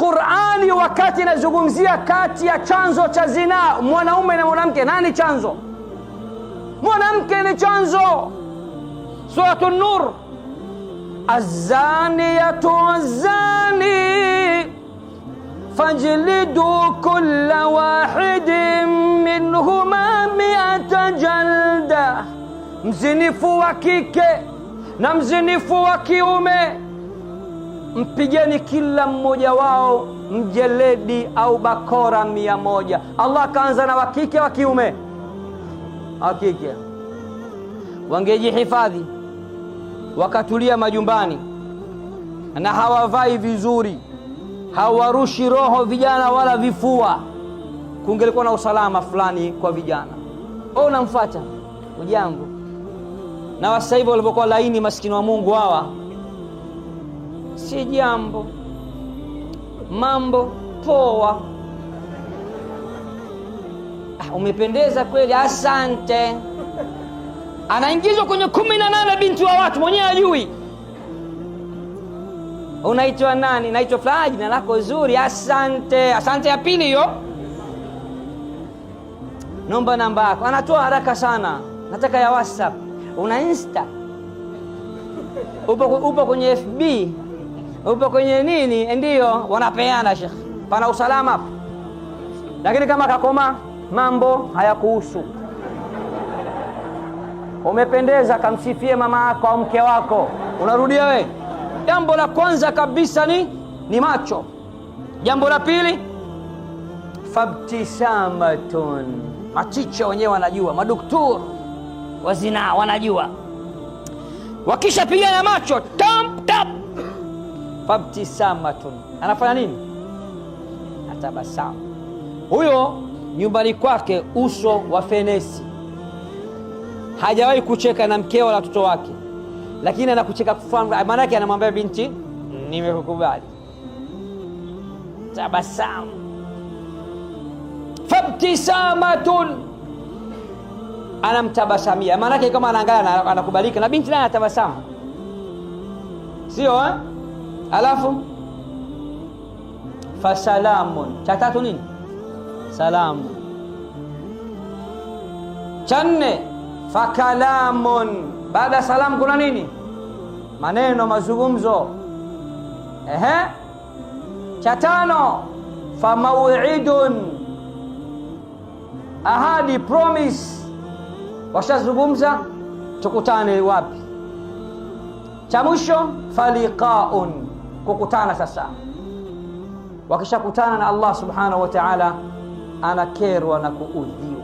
Qurani wakati inazungumzia kati ya chanzo cha zinaa mwanaume na mwanamke, nani chanzo? Mwanamke ni chanzo. Suratu Nur, azaniyatu wazani fajlidu kulla wahidin minhuma miata jalda, mzinifu wa kike na mzinifu wa kiume Mpigeni kila mmoja wao mjeledi au bakora mia moja. Allah akaanza na wakike wa kiume. Wakike wangejihifadhi wakatulia majumbani na hawavai vizuri, hawarushi roho vijana wala vifua, kungelikuwa na usalama fulani kwa vijana. O, oh, unamfuata ujangu na wasa hivyo walivyokuwa laini, maskini wa Mungu hawa si jambo, mambo poa. Ah, umependeza kweli, asante. Anaingizwa kwenye kumi na nane binti wa watu, mwenyewe ajui. Unaitwa nani? Naitwa fulani. Jina lako zuri, asante. Asante ya pili hiyo, nomba namba yako. Anatoa haraka sana, nataka ya WhatsApp. Una insta, upo upo kwenye FB upo kwenye nini, eh, ndio wanapeana shekh pana usalama hapo. Lakini kama kakoma, mambo hayakuhusu. Umependeza, kamsifie mama yako au mke wako, unarudia we. Jambo la kwanza kabisa ni ni macho. Jambo la pili fabtisamatun, machicha wenyewe wanajua, maduktur wazina wanajua, wakisha pigana macho tam fabtisamatun, anafanya nini? Atabasamu. Huyo nyumbani kwake uso wa fenesi, hajawahi kucheka na mkeo wala watoto wake, lakini anakucheka kufana. anamwambia binti, nimekukubali. Tabasamu, fabtisamatun anamtabasamia maanake, kama anaangalia anakubalika, na binti naye anatabasamu, sio eh? alafu fasalamun, cha tatu nini? Salamu. Cha nne fakalamun, baada ya salamu kuna nini? Maneno, mazungumzo. Ehe, cha tano famauidun, ahadi, promis Washazungumza tukutane wapi? Cha mwisho faliqaun kukutana sasa. Wakishakutana na Allah subhanahu wa ta'ala, anakerwa na kuudhiwa